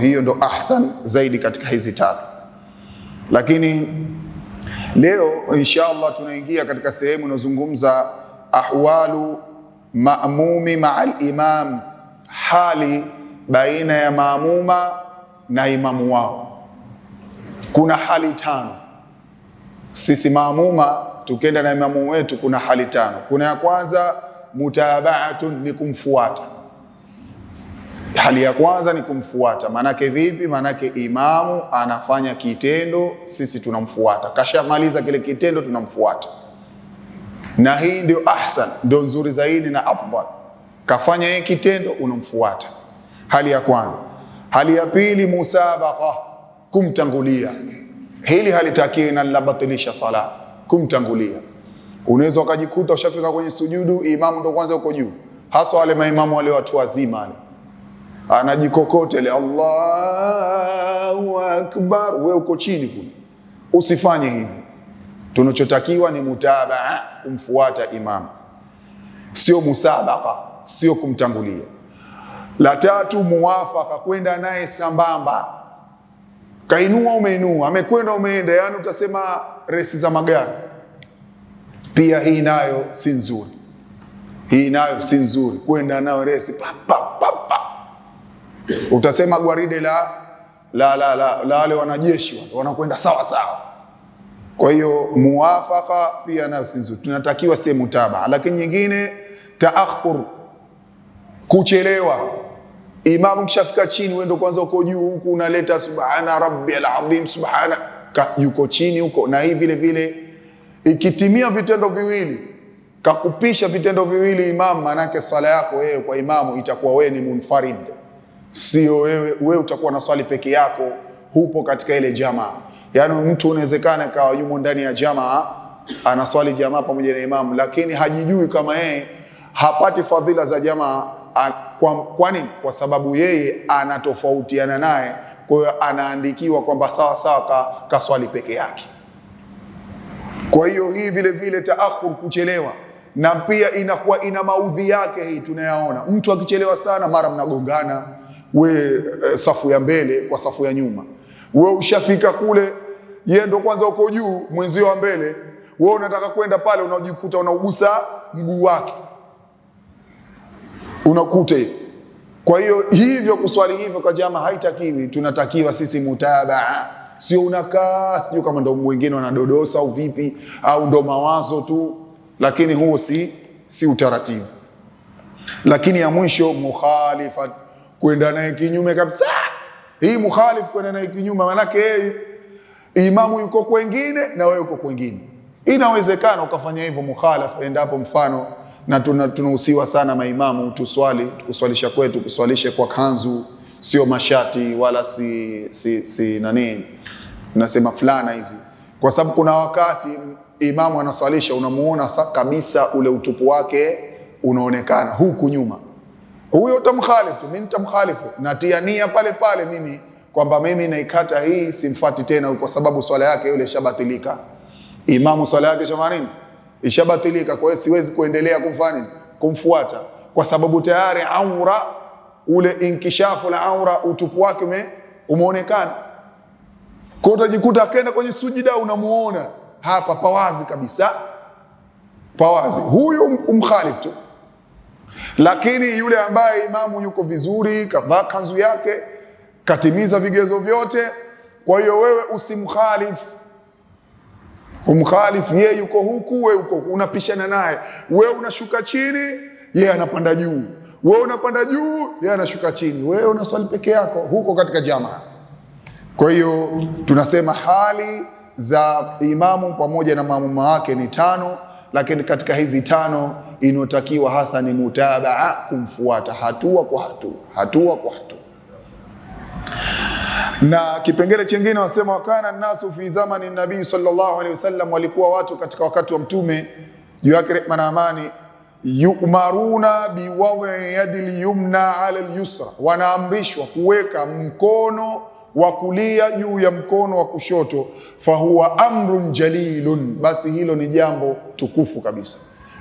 hiyo ndo ahsan zaidi katika hizi tatu. Lakini leo inshallah tunaingia katika sehemu inayozungumza ahwalu maamumi maa limam, hali baina ya maamuma na imamu wao. Kuna hali tano. Sisi maamuma tukienda na imamu wetu kuna hali tano. Kuna ya kwanza mutabaatun, ni kumfuata Hali ya kwanza ni kumfuata. Maanake vipi? Maanake imamu anafanya kitendo, sisi tunamfuata. Kashamaliza kile kitendo, tunamfuata, na hii ndio ahsan, ndio nzuri zaidi na afdal. Kafanya yeye kitendo, unamfuata. Hali ya kwanza. Hali ya pili, musabaqa, kumtangulia. Hili halitaki na linabatilisha sala, kumtangulia. Unaweza ukajikuta ushafika kwenye sujudu, imamu ndio kwanza uko juu, hasa wale maimamu wale watu wazima wale anajikokotele Allahu akbar, wewe uko chini kule, usifanye hivi. Tunachotakiwa ni mutabaa, kumfuata imam sio musabaka, sio kumtangulia. La tatu, muwafaka, kwenda naye sambamba. Kainua umeinua, amekwenda umeenda, yani utasema resi za magari. Pia hii nayo si nzuri, hii nayo si nzuri, kwenda nayo resi pap, pap, pap. Utasema gwaride la la la la, la wale wanajeshi wanakwenda sawa sawa. Kwa hiyo muwafaka pia nafsi nzuri, tunatakiwa si mutaba. Lakini nyingine taakhur, kuchelewa. Imamu kishafika chini, wewe ndo kwanza uko juu huku unaleta subhana rabbil azim, subhana yuko chini huko. Na hii vile vile ikitimia vitendo viwili kakupisha vitendo viwili imamu, manake sala yako wewe kwa imamu itakuwa wewe ni munfarid sio wewe. Wewe utakuwa na swali peke yako, hupo katika ile jamaa. Yaani mtu unawezekana kawa yumo ndani ya jamaa anaswali jamaa pamoja na imamu, lakini hajijui kama yeye hapati fadhila za jamaa. Kwa, kwa nini? Kwa sababu yeye anatofautiana naye, kwa hiyo anaandikiwa kwamba sawa sawa ka, kaswali peke yake. Kwa hiyo hii vile vile taakhur, kuchelewa na pia inakuwa ina maudhi yake, hii tunayaona. Mtu akichelewa sana, mara mnagongana we e, safu ya mbele kwa safu ya nyuma. We ushafika kule, yeye ndo kwanza uko juu, mwenzio wa mbele, we unataka kwenda pale, unajikuta unaugusa mguu wake unakuta Kwa hiyo hivyo kuswali hivyo kwa jamaa haitakiwi, tunatakiwa sisi mutabaa sio unakaa, sijui kama ndo wengine wanadodosa au vipi, au ndo mawazo tu, lakini huo si, si utaratibu. Lakini ya mwisho mukhalifa kwenda naye kinyume kabisa. Hii mukhalif kwenda naye kinyume, manake yeye imamu yuko kwengine na wewe uko kwengine. Inawezekana ukafanya hivyo mukhalafu, endapo mfano na tunahusiwa sana maimamu tuswali, tukuswalisha kwetu kuswalishe kwa kanzu, sio mashati wala si, si, si nani nasema fulana hizi, kwa sababu kuna wakati imamu anaswalisha unamuona kabisa ule utupu wake unaonekana huku nyuma huyo tamkhalifu, mimi nitamkhalifu, natia nia pale pale mimi kwamba mimi naikata hii, simfati tena, kwa sababu swala yake yule ishabatilika. Imamu swala yake shamanini ishabatilika. Kwa hiyo siwezi kuendelea kumfani kumfuata, kwa sababu tayari aura ule inkishafu la aura, utupu wake umeonekana. Kwa utajikuta akenda kwenye sujida, unamuona hapa pawazi kabisa, pawazi. Huyu umkhalifu tu lakini yule ambaye imamu yuko vizuri, kavaa kanzu yake, katimiza vigezo vyote, kwa hiyo wewe usimkhalifu umkhalifu yeye. Yuko huku, wewe uko unapishana naye, wewe unashuka chini, yeye anapanda juu, wewe unapanda juu, yeye anashuka chini, wewe unaswali peke yako huko katika jamaa. Kwa hiyo tunasema hali za imamu pamoja na maamuma wake ni tano, lakini katika hizi tano inotakiwa hasa ni mutabaa, kumfuata hatua kwa hatua, hatua kwa hatua. Na kipengele chengine wasema, wakana nasu fi zamani nabii sallallahu alaihi wasallam, walikuwa watu katika wakati wa mtume juu yake rehma na amani yumaruna biwad'i yadi lyumna ala lyusra, wanaamrishwa kuweka mkono wa kulia juu ya mkono wa kushoto. Fahuwa amrun jalilun, basi hilo ni jambo tukufu kabisa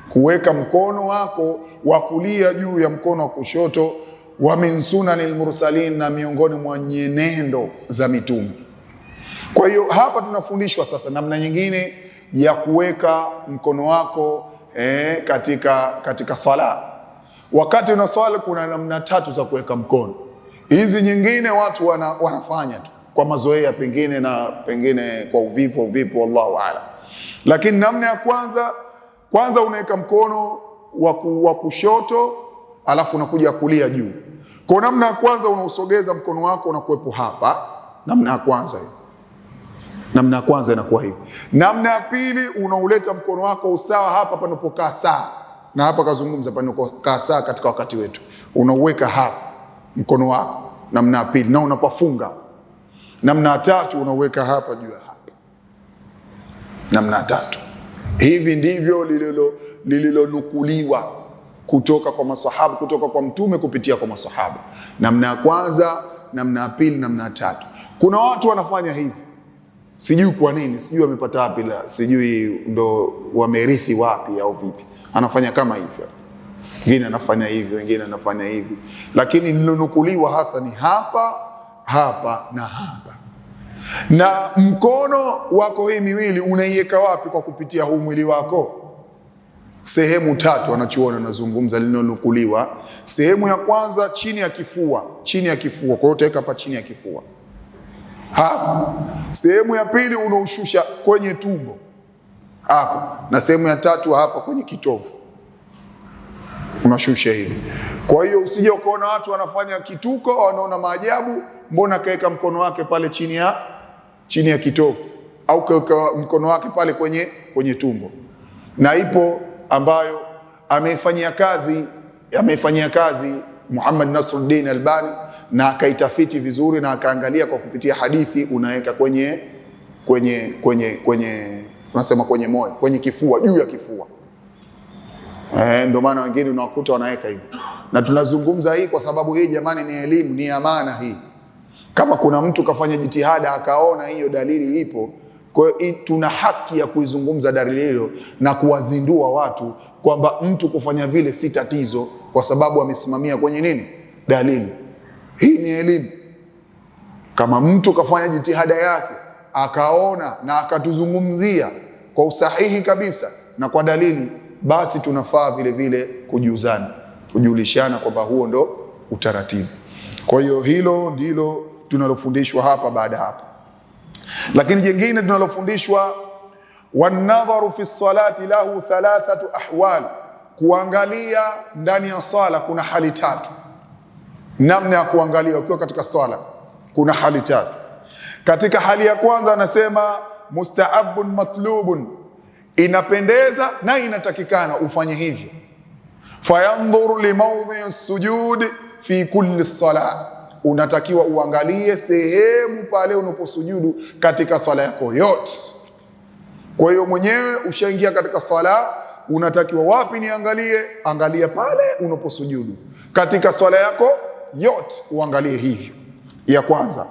kuweka mkono wako wa kulia juu ya mkono wa kushoto. Wa min sunani lmursalin, na miongoni mwa nyenendo za mitume. Kwa hiyo hapa tunafundishwa sasa namna nyingine ya kuweka mkono wako eh, katika, katika sala. Wakati unaswali kuna namna tatu za kuweka mkono. Hizi nyingine watu wana, wanafanya tu kwa mazoea pengine na pengine kwa uvivu uvipo wallahu aalam, lakini namna ya kwanza kwanza unaweka mkono wa kushoto alafu unakuja kulia juu. Kwa namna ya kwanza unausogeza mkono wako unakuwepo hapa, namna ya kwanza hiyo. Namna ya kwanza inakuwa hivi. Namna ya pili unauleta mkono wako usawa hapa panapokaa saa, na hapa kazungumza panapokaa saa katika wakati wetu, unauweka hapa mkono wako, namna ya pili, na unapafunga. Namna ya tatu unauweka hapa juu ya hapa, namna ya tatu Hivi ndivyo lililonukuliwa lililo kutoka kwa masahaba, kutoka kwa mtume kupitia kwa masahaba, namna ya kwanza, namna ya pili, namna ya tatu. Kuna watu wanafanya hivi, sijui kwa nini, sijui wamepata wapi, la sijui ndo wamerithi wapi au vipi. Anafanya kama hivyo, wengine anafanya hivyo, wengine anafanya hivi, lakini lilonukuliwa hasa ni hapa hapa na hapa na mkono wako hii miwili unaiweka wapi kwa kupitia huu mwili wako? Sehemu tatu anachoona nazungumza, linonukuliwa sehemu ya kwanza chini ya kifua, chini ya kifua. Kwa hiyo utaweka hapa chini ya kifua hapa. Sehemu ya pili unaushusha kwenye tumbo hapa, na sehemu ya tatu hapa kwenye kitovu unashusha hivi. Kwa hiyo usije ukaona watu wanafanya kituko, wanaona maajabu, mbona akaweka mkono wake pale chini ya chini ya kitovu au kwa mkono wake pale kwenye, kwenye tumbo, na ipo ambayo ameifanyia kazi ameifanyia kazi Muhammad Nasruddin Albani na akaitafiti vizuri na akaangalia kwa kupitia hadithi, unaweka kwenye kwenye kwenye kwenye tunasema kwenye moyo, kwenye kifua, juu ya kifua. Eh, ndio maana wengine unawakuta wanaweka hivyo, na tunazungumza hii kwa sababu hii, jamani, ni elimu, ni amana hii. Kama kuna mtu kafanya jitihada akaona hiyo dalili ipo, kwa hiyo tuna haki ya kuizungumza dalili hiyo na kuwazindua watu kwamba mtu kufanya vile si tatizo, kwa sababu amesimamia kwenye nini? Dalili. Hii ni elimu. Kama mtu kafanya jitihada yake akaona na akatuzungumzia kwa usahihi kabisa na kwa dalili, basi tunafaa vile vile kujuzana, kujulishana kwamba huo ndo utaratibu. Kwa hiyo hilo ndilo tunalofundishwa hapa baada hapa Lakini jingine tunalofundishwa, wanadharu fi salati lahu thalathatu ahwal, kuangalia ndani ya sala kuna hali tatu. Namna ya kuangalia ukiwa katika sala kuna hali tatu. Katika hali ya kwanza anasema mustahabun matlubun, inapendeza na inatakikana ufanye hivyo. Fayandhuru limaudhi sujud fi kulli salat unatakiwa uangalie sehemu pale unaposujudu katika swala yako yote. Kwa hiyo mwenyewe ushaingia katika swala, unatakiwa wapi niangalie? Angalia pale unaposujudu katika swala yako yote, uangalie hivyo. Ya kwanza.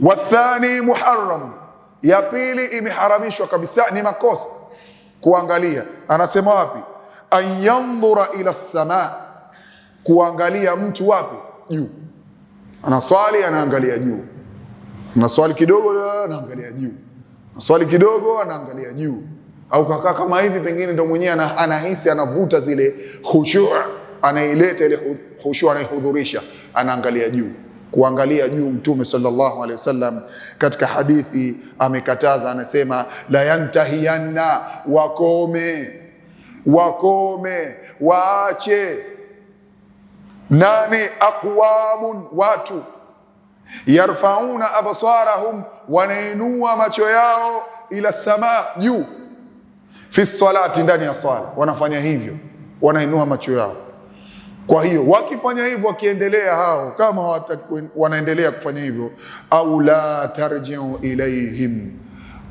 Wathani muharram, ya pili imeharamishwa kabisa, ni makosa kuangalia. Anasema wapi? Anyandhura ila samaa, kuangalia mtu wapi? Juu anaswali anaangalia juu, anaswali kidogo anaangalia juu, naswali kidogo anaangalia juu, au kakaa kama hivi, pengine ndo mwenyewe anahisi anavuta zile hushua, anaileta ile hushua, anaihudhurisha, anaangalia juu kuangalia juu. Mtume sallallahu alaihi wasallam katika hadithi amekataza, anasema la yantahiyanna, wakome wakome waache nani? Aqwamun, watu yarfauna absarahum, wanainua macho yao ila samaa, juu. Fi salati, ndani ya sala wanafanya hivyo, wanainua macho yao. Kwa hiyo wakifanya hivyo, wakiendelea hao, kama wanaendelea kufanya hivyo, au la tarjiu ilaihim,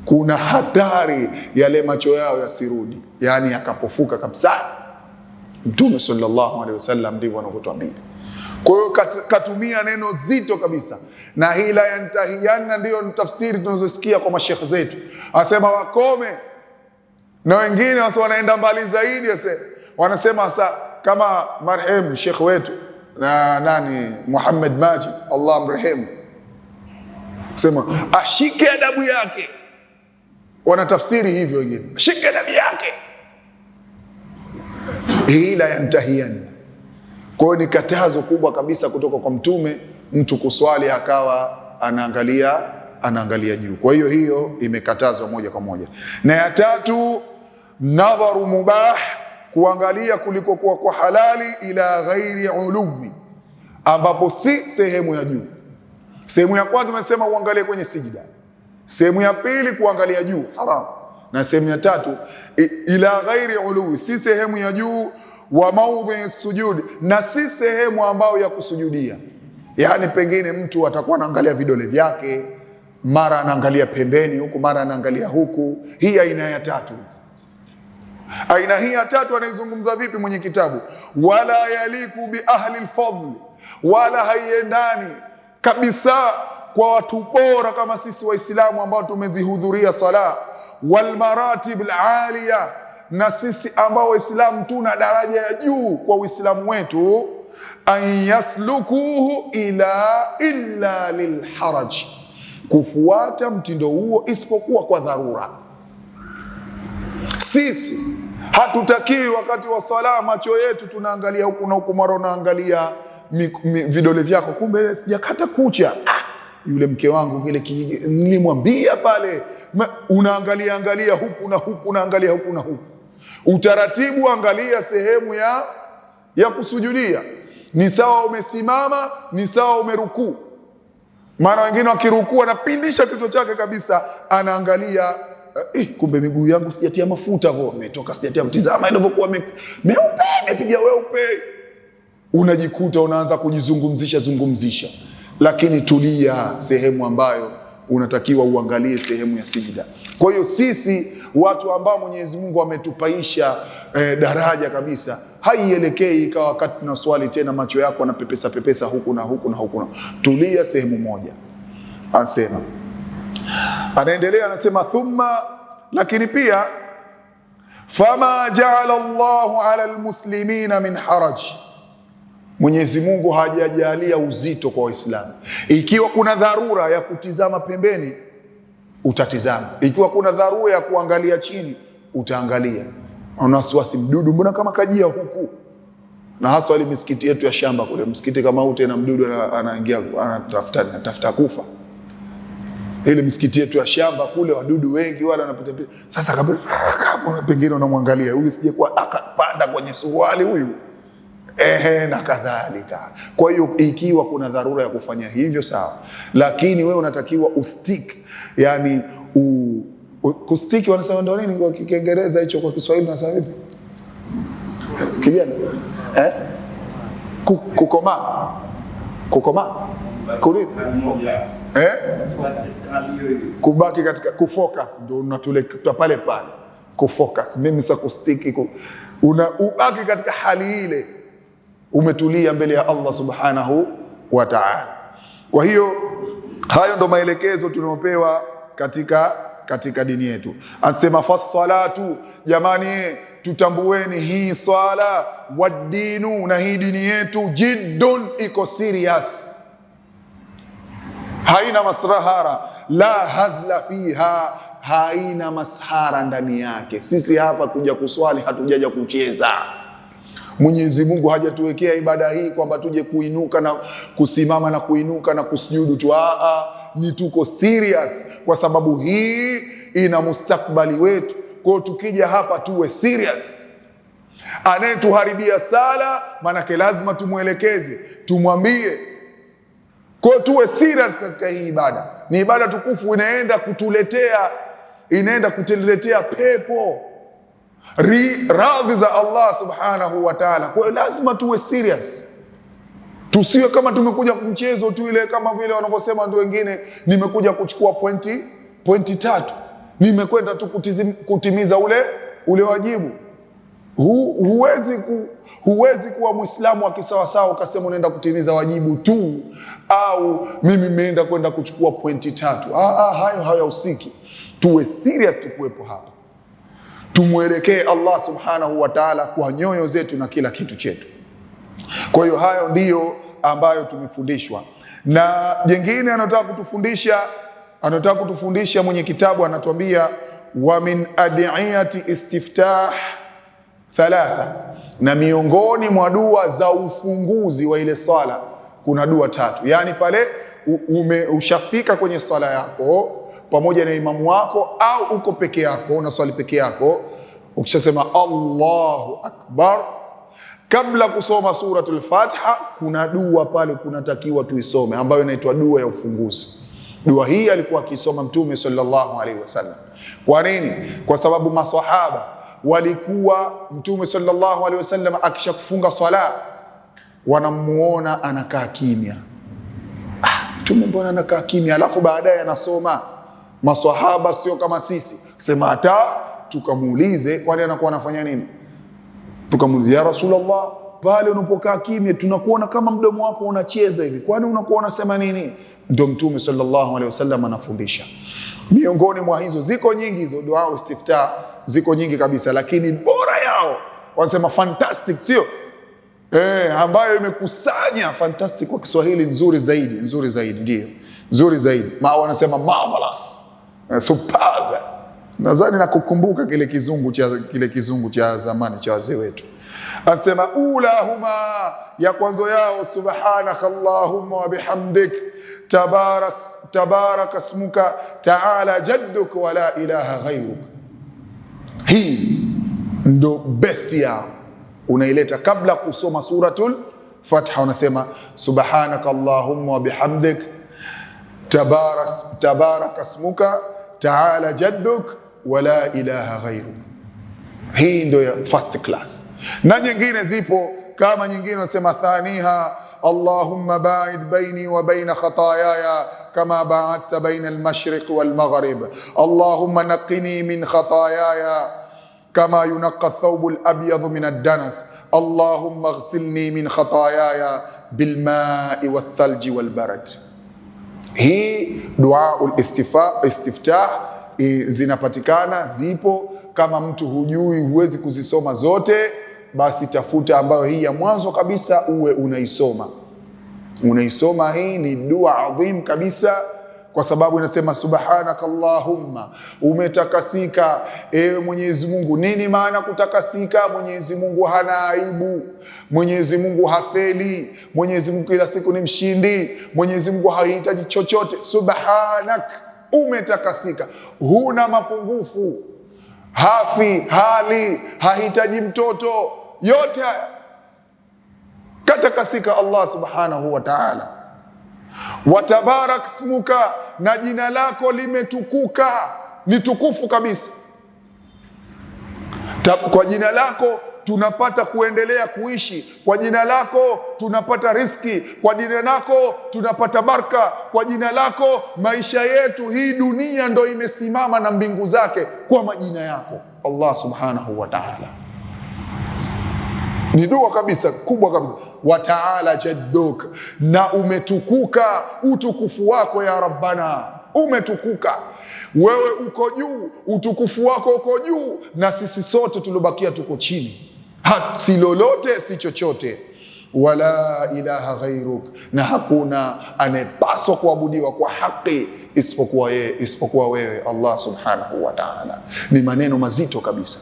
kuna hatari yale macho yao yasirudi, yaani yakapofuka kabisa. Mtume sallallahu alaihi wasallam ndivyo anavyotuambia. Kwa hiyo katumia neno zito kabisa, na hii la yantahiyanna ndiyo tafsiri tunazosikia kwa mashekhe zetu, asema wakome na wengine wasa wanaenda mbali zaidi, ase wanasema sa kama marhemu shekhe wetu na nani Muhammad Majid, Allah mrehemu, sema ashike adabu yake. Wanatafsiri hivyo wengine, ashike adabu yake hii la yantahian. Kwa hiyo ni katazo kubwa kabisa kutoka kwa Mtume mtu kuswali akawa anaangalia anaangalia juu. Kwa hiyo hiyo imekatazwa moja kwa moja. Na ya tatu, nadharu mubah, kuangalia kuwa kwa halali, ila ghairi ulumi, ambapo si sehemu ya juu. Sehemu ya kwanza tumesema uangalie kwenye sijida, sehemu ya pili kuangalia juu, haramu na sehemu ya tatu ila ghairi uluwi, si sehemu ya juu, wa maudhi sujudi, na si sehemu ambayo ya kusujudia. Yaani pengine mtu atakuwa anaangalia vidole vyake, mara anaangalia pembeni huku, mara anaangalia huku. Hii aina ya tatu, aina hii ya tatu anaizungumza vipi mwenye kitabu? Wala yaliku bi ahli lfadli, wala haiendani kabisa kwa watu bora kama sisi Waislamu ambao tumezihudhuria sala walmaratib alalia, na sisi ambao Waislamu tuna daraja ya juu kwa Uislamu wetu, an yaslukuhu ila illa lilharaji, kufuata mtindo huo isipokuwa kwa dharura. Sisi hatutakii wakati wa sala macho yetu tunaangalia huku na huku, mara unaangalia vidole vyako, kumbe sijakata kucha. Ah, yule mke wangu kile nilimwambia pale unaangalia angalia huku na huku, unaangalia huku na huku. Utaratibu, angalia sehemu ya ya kusujudia, ni sawa umesimama, ni sawa umerukuu. Maana wengine wakirukuu anapindisha kichwa chake kabisa, anaangalia eh, eh kumbe miguu yangu sijatia mafuta vo, metoka sijatia mtizama ilivyokuwa me, meupe mepiga weupe. Unajikuta unaanza kujizungumzisha zungumzisha, lakini tulia sehemu ambayo unatakiwa uangalie sehemu ya sijida. Kwa hiyo sisi watu ambao Mwenyezi Mungu ametupaisha eh, daraja kabisa, haielekei ikawa wakati tunaswali tena macho yako anapepesa pepesa huku na huku na huku na. Tulia sehemu moja, anasema anaendelea, anasema thumma, lakini pia fama jaala Allahu ala almuslimina min haraji Mwenyezi Mungu hajajalia uzito kwa Waislamu. Ikiwa kuna dharura ya kutizama pembeni, utatizama. Ikiwa kuna dharura ya kuangalia chini, utaangalia. Una wasiwasi, mdudu mbona kama kajia huku? Na hasa ile misikiti yetu ya shamba kule, msikiti kama huu tena, mdudu anaingia anatafuta anatafuta kufa. Ile misikiti yetu ya shamba kule, wadudu wengi wale wanapita. Sasa kabla ah, pengine unamwangalia huyu, sije kwa akapanda kwenye suruali huyu ehe, na kadhalika. Kwa hiyo ikiwa kuna dharura ya kufanya hivyo sawa, lakini wewe unatakiwa ustik, yani u, u, kustiki wanasema ndo nini kwa Kiingereza hicho, kwa Kiswahili nasema vipi kijana eh? kukoma kukoma Kulit. Eh? Kubaki katika kufocus ndo unatuleta pale pale, kufocus. Mimi sasa kustiki ku, una ubaki katika hali ile umetulia mbele ya Allah subhanahu wa ta'ala. Kwa hiyo hayo ndo maelekezo tunayopewa katika katika dini yetu, anasema fassalatu. Jamani, tutambueni hii swala wadinu, na hii dini yetu jiddun, iko serious, haina masrahara la hazla fiha, haina mashara ndani yake. Sisi hapa kuja kuswali hatujaja kucheza Mwenyezi Mungu hajatuwekea ibada hii kwamba tuje kuinuka na kusimama na kuinuka na kusujudu tu. Aa, ni tuko serious kwa sababu hii ina mustakbali wetu. hiyo tukija hapa tuwe serious. Anayetuharibia sala, maanake lazima tumwelekeze, tumwambie. Kwao tuwe serious katika hii ibada. Ni ibada tukufu, inaenda kutuletea, inaenda kutuletea pepo radhi za Allah subhanahu wa ta'ala. Kwa hiyo lazima tuwe serious, tusiwe kama tumekuja mchezo tu ile, kama vile wanavyosema ndio wengine, nimekuja kuchukua pointi, pointi tatu, nimekwenda tu kutizim, kutimiza ule ule wajibu hu, huwezi, ku, huwezi kuwa Mwislamu wa kisawasawa ukasema unaenda kutimiza wajibu tu, au mimi nimeenda kwenda kuchukua pointi tatu. Ah, ah, hayo hayahusiki. Tuwe serious tukuwepo hapa tumwelekee Allah subhanahu wa ta'ala kwa nyoyo zetu na kila kitu chetu. Kwa hiyo hayo ndiyo ambayo tumefundishwa, na jengine anataka kutufundisha anataka kutufundisha mwenye kitabu anatuambia, wa min adiyati istiftah thalatha, na miongoni mwa dua za ufunguzi wa ile sala kuna dua tatu. Yaani pale ume, ushafika kwenye sala yako pamoja na imamu wako au uko peke yako unaswali peke yako, Ukishasema Allahu akbar kabla kusoma suratul Fatiha, kuna dua pale kunatakiwa tuisome, ambayo inaitwa dua ya ufunguzi. Dua hii alikuwa akisoma Mtume sallallahu alaihi wasallam. Kwa nini? Kwa sababu maswahaba walikuwa, Mtume sallallahu alaihi wasallam akishakufunga swala, wanamuona anakaa kimya. Ah, Mtume mbona anakaa kimya? Alafu baadaye anasoma. Maswahaba sio kama sisi, sema hata tukamuulize, wale anakuwa anafanya nini? Tukamuulize, ya Rasulullah, pale unapokaa kimya tunakuona kama mdomo wako unacheza hivi, kwani unakuwa unasema nini? Ndo Mtume sallallahu alaihi wasallam anafundisha. Miongoni mwa hizo ziko nyingi, hizo dua istifta ziko nyingi kabisa, lakini bora yao wanasema fantastic, sio eh, ambayo imekusanya fantastic kwa Kiswahili nzuri zaidi, nzuri zaidi, ndio nzuri zaidi ma wanasema marvelous, eh, superb nadhani nakukumbuka kile kizungu cha kile kizungu cha zamani cha wazee wetu anasema ulahuma ya kwanza yao subhanaka allahumma wa bihamdik tabarak tabarak taala jadduk wa la ilaha ghairuk hii ndo best yao unaileta kabla kusoma suratul fatha unasema subhanaka allahumma wa bihamdik tabarak tabarak taala jadduk wala ilaha ghairu. Hii ndio ya first class, na nyingine zipo kama nyingine unasema thaniha Allahumma ba'id baini wa baina khatayaya kama ba'adta baina al-mashriq wal-maghrib Allahumma naqqini min khatayaya kama yunaqqa ath-thawbu al min ad Allahumma ighsilni min khatayaya bilmai mai wath-thalji wal-barad. Hii dua al-istiftah zinapatikana, zipo. Kama mtu hujui, huwezi kuzisoma zote, basi tafuta ambayo hii ya mwanzo kabisa uwe unaisoma unaisoma. Hii ni dua adhim kabisa kwa sababu inasema subhanaka allahumma, umetakasika ewe Mwenyezi Mungu. Nini maana kutakasika? Mwenyezi Mungu hana aibu, Mwenyezi Mungu hafeli, Mwenyezi Mungu kila siku ni mshindi, Mwenyezi Mungu hahitaji chochote. subhanak umetakasika, huna mapungufu, hafi, hali, hahitaji mtoto, yote haya katakasika Allah subhanahu wa ta'ala. Watabarak smuka, na jina lako limetukuka, ni tukufu kabisa. Kwa jina lako tunapata kuendelea kuishi kwa jina lako, tunapata riski kwa jina lako, tunapata baraka kwa jina lako. Maisha yetu hii dunia ndo imesimama na mbingu zake kwa majina yako Allah subhanahu wa ta'ala. Ni dua kabisa kubwa kabisa. Wataala jadduk, na umetukuka utukufu wako ya Rabbana, umetukuka wewe uko juu, utukufu wako uko juu, na sisi sote tuliobakia tuko chini si lolote si chochote wala ilaha ghairuk, na hakuna anayepaswa kuabudiwa kwa haki isipokuwa yeye, isipokuwa wewe Allah subhanahu wa ta'ala. Ni maneno mazito kabisa,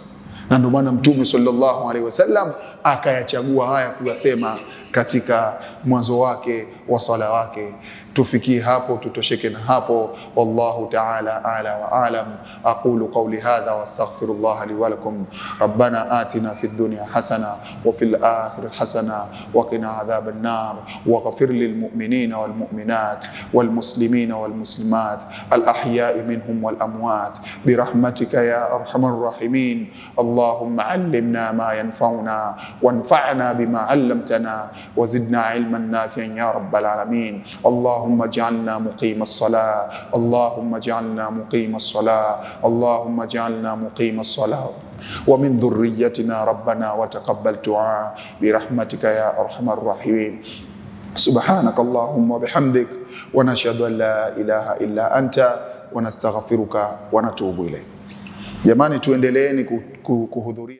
na ndio maana Mtume sallallahu alaihi wasallam akayachagua haya kuyasema katika mwanzo wake wa swala wake. tufikie hapo, tutosheke na hapo. Wallahu ta'ala ala wa alam. Aqulu qawli hadha wa astaghfirullah li wa lakum. Rabbana atina fid dunya hasana wa fil akhirati hasana wa qina adhaban nar waghfir lil mu'minina wal mu'minat wal muslimina wal muslimat al ahya'i minhum wal amwat bi rahmatika ya arhamar rahimin. Allahumma 'allimna ma yanfa'una wanfa'na bima 'allamtana wa zidna 'ilman nafi'an ya rabbal alamin. Allah اللهم اجعلنا مقيم الصلاة اللهم اجعلنا مقيم الصلاة اللهم اجعلنا مقيم الصلاة ومن ذريتنا ربنا وتقبل دعاء برحمتك يا أرحم الراحمين سبحانك اللهم وبحمدك ونشهد أن لا إله إلا أنت ونستغفرك ونتوب إليك jamani تويندليني kuhudhuria